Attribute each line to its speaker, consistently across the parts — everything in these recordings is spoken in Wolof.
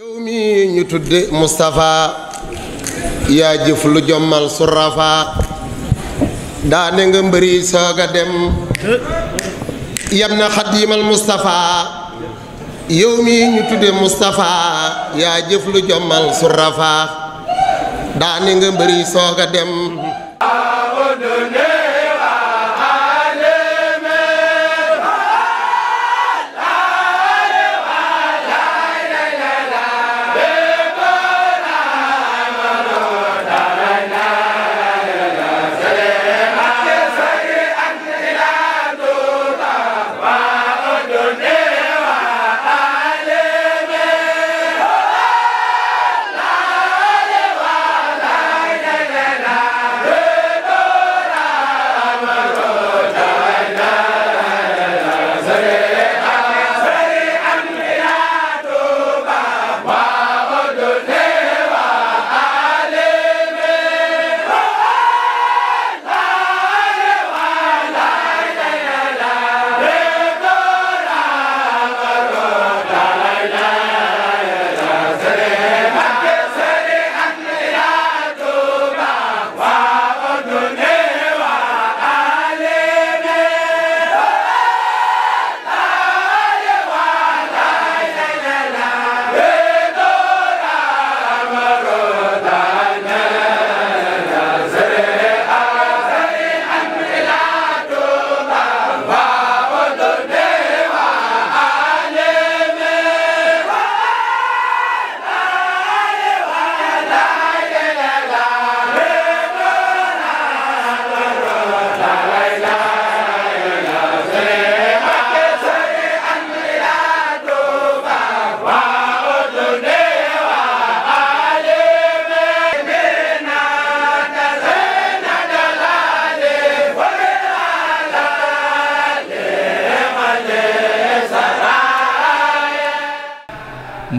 Speaker 1: yow mi ñu tudd Moustapha yaa jëf lu jommal surafa daane nga mbëri sooga dem yam na xadiimal Moustapha yow mi ñu yaa jëf lu jommal surafa daane nga mbëri sooga dem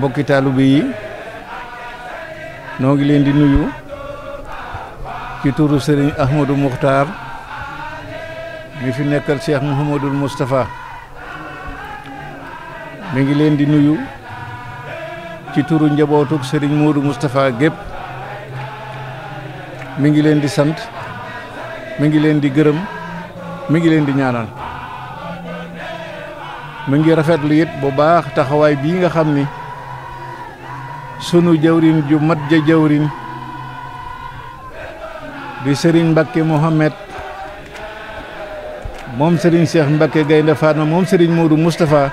Speaker 2: mbokki taalibe yi noo ngi leen di nuyu ci turu sëriñ Ahmadou Muxtaar mi fi nekkal Cheikh Mouhamadul Moustapha mi ngi leen di nuyu ci turu njabootuk sëriñ Modou mustafa gépp mi ngi leen di sant mi ngi leen di gërëm mi ngi leen di ñaanal mi ngi rafetlu it bu baax taxawaay bii nga xam ni sunu jawriñ ju mat ja jawriñ di sëriñ Mbacke Mohamed moom sëriñ Cheikh Mbacke Gaynde Fatma moom sëriñ Modou Moustapha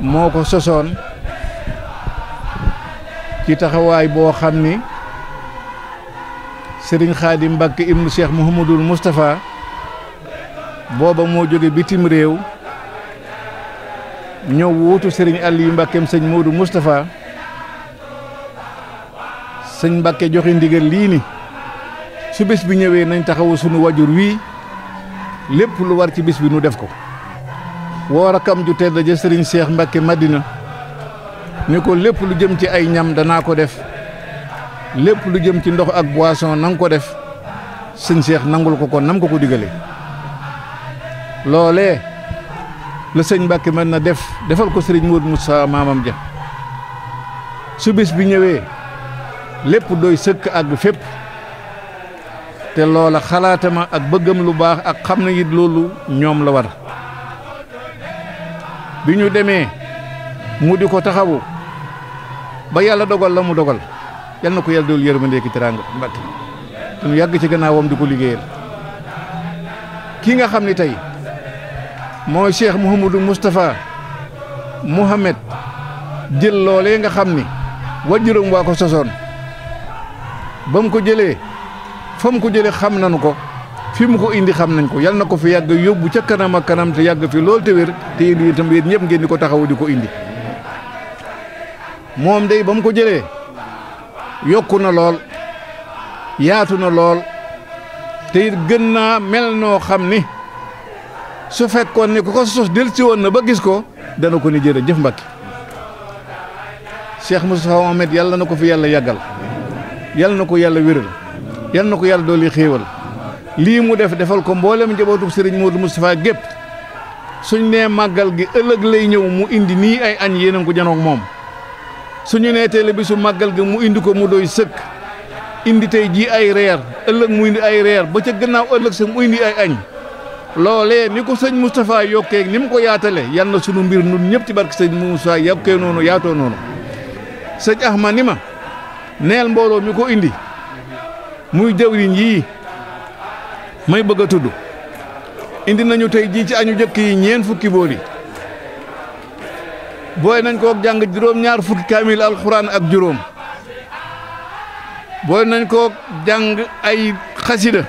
Speaker 2: moo ko sosoon ci taxawaay boo xam ni sëriñ Khadim Mbacke ibnu Cheikh Mouhamadul Moustapha booba moo jóge bitim réew ñëw wuutu sëriñ Aliou Mbackeem sëñ Modou Moustapha señ mbacke joxe ndigal li ni su bes bi ñewé nañ taxawu suñu wajur wi lepp lu war ci bes bi nu def ko wo rakam ju tedd je serigne cheikh mbacke Madina ni ko lepp lu jëm ci ay ñam danaa ko def lepp lu jëm ci ndox ak boisson nang ko def sëñ cheikh nangul ko ko nam ko ko digalé lolé le sëñ mbacke man na def defal ko serigne Moodu moussa mamam ja su bes bi ñewé lepp doy seuk àgg fep te loola xalaatama ak bëggam lu baax ak xamna yit loolu la war biñu démé mu di taxawu ba yalla dogal la mu dogal yalla nako yalla dool yërmande ki teraanga mbatt ñu yag ci gannaawam di liggéeyal ki nga xamni tay tey Cheikh Mouhamadou Moustapha mohammed jël loolee nga xamni wajurum ba mu ko jëlee fa mu ko jëlee xam nañu ko fi mu ko indi xam nañ ko yal na ko fi yàgg yóbbu ca kanam ak kanam te yàgg fi lool te wér te indi itam yéen ñëpp ngeen di ko taxawu di ko indi moom day ba mu ko jëlee yokku na lool yaatu na lool te it gën naa mel noo xam ni su fekkoon ni ku ko sos del si woon na ba gis ko dana ko ni jërëjëf Mbacke Cheikh Moustapha Mohamed yàlla na ko fi yàlla yàggal yal na ko yàlla wéral yal na ko yàlla dooli xéewal lii mu def defal ko mbooleem njabootu sëriñ Modou Moustapha gépp suñ nee màggal gi ëllëg lay ñëw mu indi nii ay añ yéen a ko janoog moom suñu nee teel bi su màggal gi mu indi ko mu doy sëkk indi tey jii ay reer ëllëg mu indi ay reer ba ca gannaaw ëllëg sa mu indi ay añ loole ni ko sëñ Moustapha yokkee ni mu ko yaatale yal na sunu mbir nun ñëpp ci barke sëñ Moustapha yokkee noonu yaatoo noonu sëñ Ahmad neel mboro mi ko indi muy dewrin yi may bëgg tudd indi nañu tay ji ci añu jëkk yi ñeen fukki boori boy nañ kook jang juróom-ñaar fukki kamil alquran ak juróom boy nañ ko jang ay khasida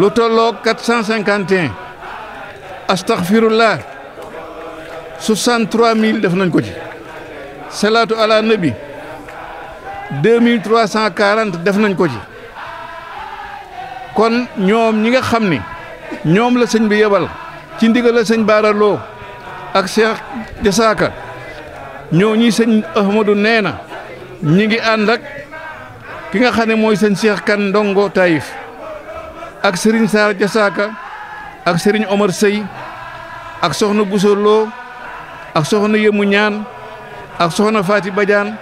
Speaker 2: lu tolo 451 astaghfirullah 63000 def nañ ko ci salatu ala nabi deux mille trois def nañ ko ci kon ñoom ñi nga xam ni ñoom la sëñ bi yebal ci ndigal la sëñ Baara ak Cheikh Jasaaka ñoo ñi sëñ Ahmadou nee na ñi ngi ànd ak ki nga xam ne mooy sëñ Cheikh Kan Ndongo Taïf ak Serigne Sarr Jasaaka ak sëriñ Omar Sey ak soxna Bousso ak soxna Yemu Ñaan ak soxna Faati Badiane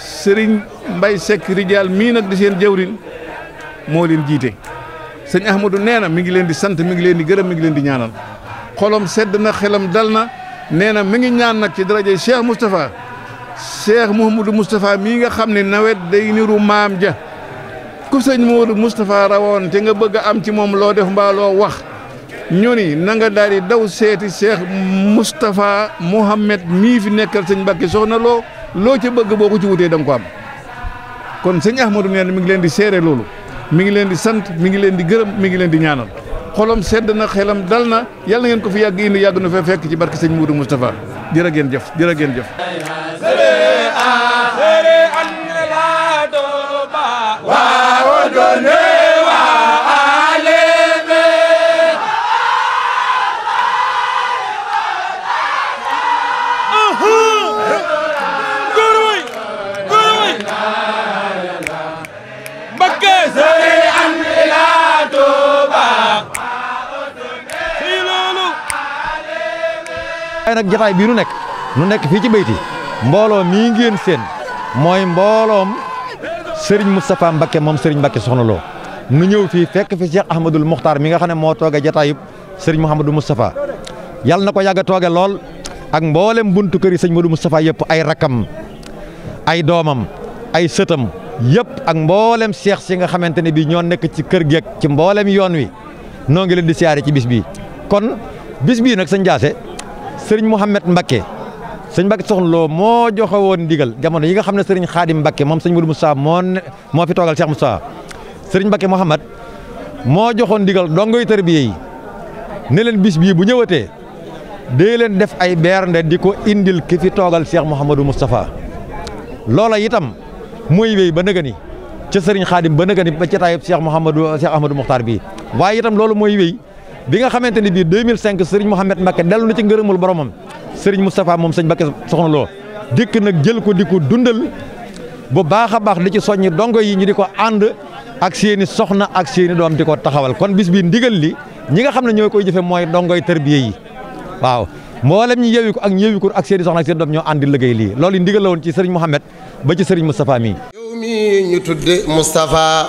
Speaker 2: sering mbay sek rijaal mi nak di sen jawrin mo len jité sëñ ahmadou nee mi ngi len di sante mi ngi len di gërëm mi ngi len di ñaanal xolom sedd na xelam dal na mi ngi ñaan nak ci daraaje cheikh mustapha cheikh mohamoudou mustapha mi nga xam nawet day niru maam ja ku sëñ mohamoudou mustapha rawon te nga bëgg am ci mom lo def mba lo wax ñu na nga daal daw seeti cheikh mustapha mohammed mi fi nekkal sëñ Mbàkke soxna lo loo ci bëgg boo ko ci wutee da nga ko am kon sëñ Ahmadou nee na mi ngi leen di seere loolu mi ngi leen di sant mi ngi leen di gërëm mi ngi leen di ñaanal xolom sedd na xelam dal na yàlla na ngeen ko fi yàgg indi yàgg na fa fekk ci barke sëñ Moudou Moustapha jërë ngeen jëf jërë ngeen jëf
Speaker 3: waa
Speaker 1: waaye nag jataay bii nu nekk nu nekk fii ci béyti mbooloo mii ngéen séen mooy mbooloom Serigne Moustapha Mbakke moom sëriñ Mbakke soxna loo nu ñëw fii fekk fi Cheikh Ahmadul Muxtaar mi nga xam ne moo toogee jataayub Serigne Mouhamadou Moustapha yàlla na ko yàgg a tooge lool ak mboolem buntu kër yi sëñ Modou Moustapha yëpp ay rakkam ay doomam ay sëtam yëpp ak mboolem seex si nga xamante ne bii ñoo nekk ci kër geek ci mboolem yoon wi noo ngi leen di siyaare ci bis bii kon bis bii nag sëñ Serigne Muhammad mbake sering Mbacké Soxna Lo moo digal digal, jamono yi nga xamne Serigne Khadim Mbacké mom serigne Modou Moussa mo mo fi togal Cheikh Moussa Serigne Mbacké mohammed mo joxone digal dongoy terbiye yi ne len bis bi bu ñewate de len def ay bernde diko indil ki fi togal Cheikh Mustafa. Moustapha lola yitam moy wey ba nëgëni ci Serigne Khadim ba nëgëni ba ci tayeb Cheikh Mouhamadou Cheikh Ahmadou mukhtar bi waye itam lolu moy wey bi nga xamante ni bii 2005 Serigne Mouhamed Mbacke dellu na ci ngërëmul boromam Serigne Moustapha moom sëñ Mbacke soxna loo dikk nag jël ko di ko dundal bu baax a baax di ci soññi dongo yi ñu di ko ànd ak seeni soxna ak seeni doom di ko taxawal kon bis bi ndigal li ñi nga xam ne ñoo koy jëfe mooy dongoy tërbiye yi waaw mboolem ñi yewi ko ak ñewi ko ak seeni soxna ak seeni doom ñoo àndi liggéey lii loolu ndigal la woon ci Serigne Mouhamed ba ci Serigne Moustapha mii yow mi ñu tudde Moustapha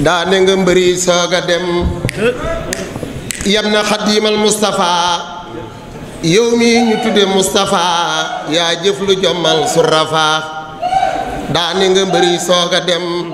Speaker 1: daane nga mbëri sooga dem yam na xadiimal Moustapha yow mi ñu tudde Moustapha yaa jëf lu jommal su rafaa daane nga mbëri sooga dem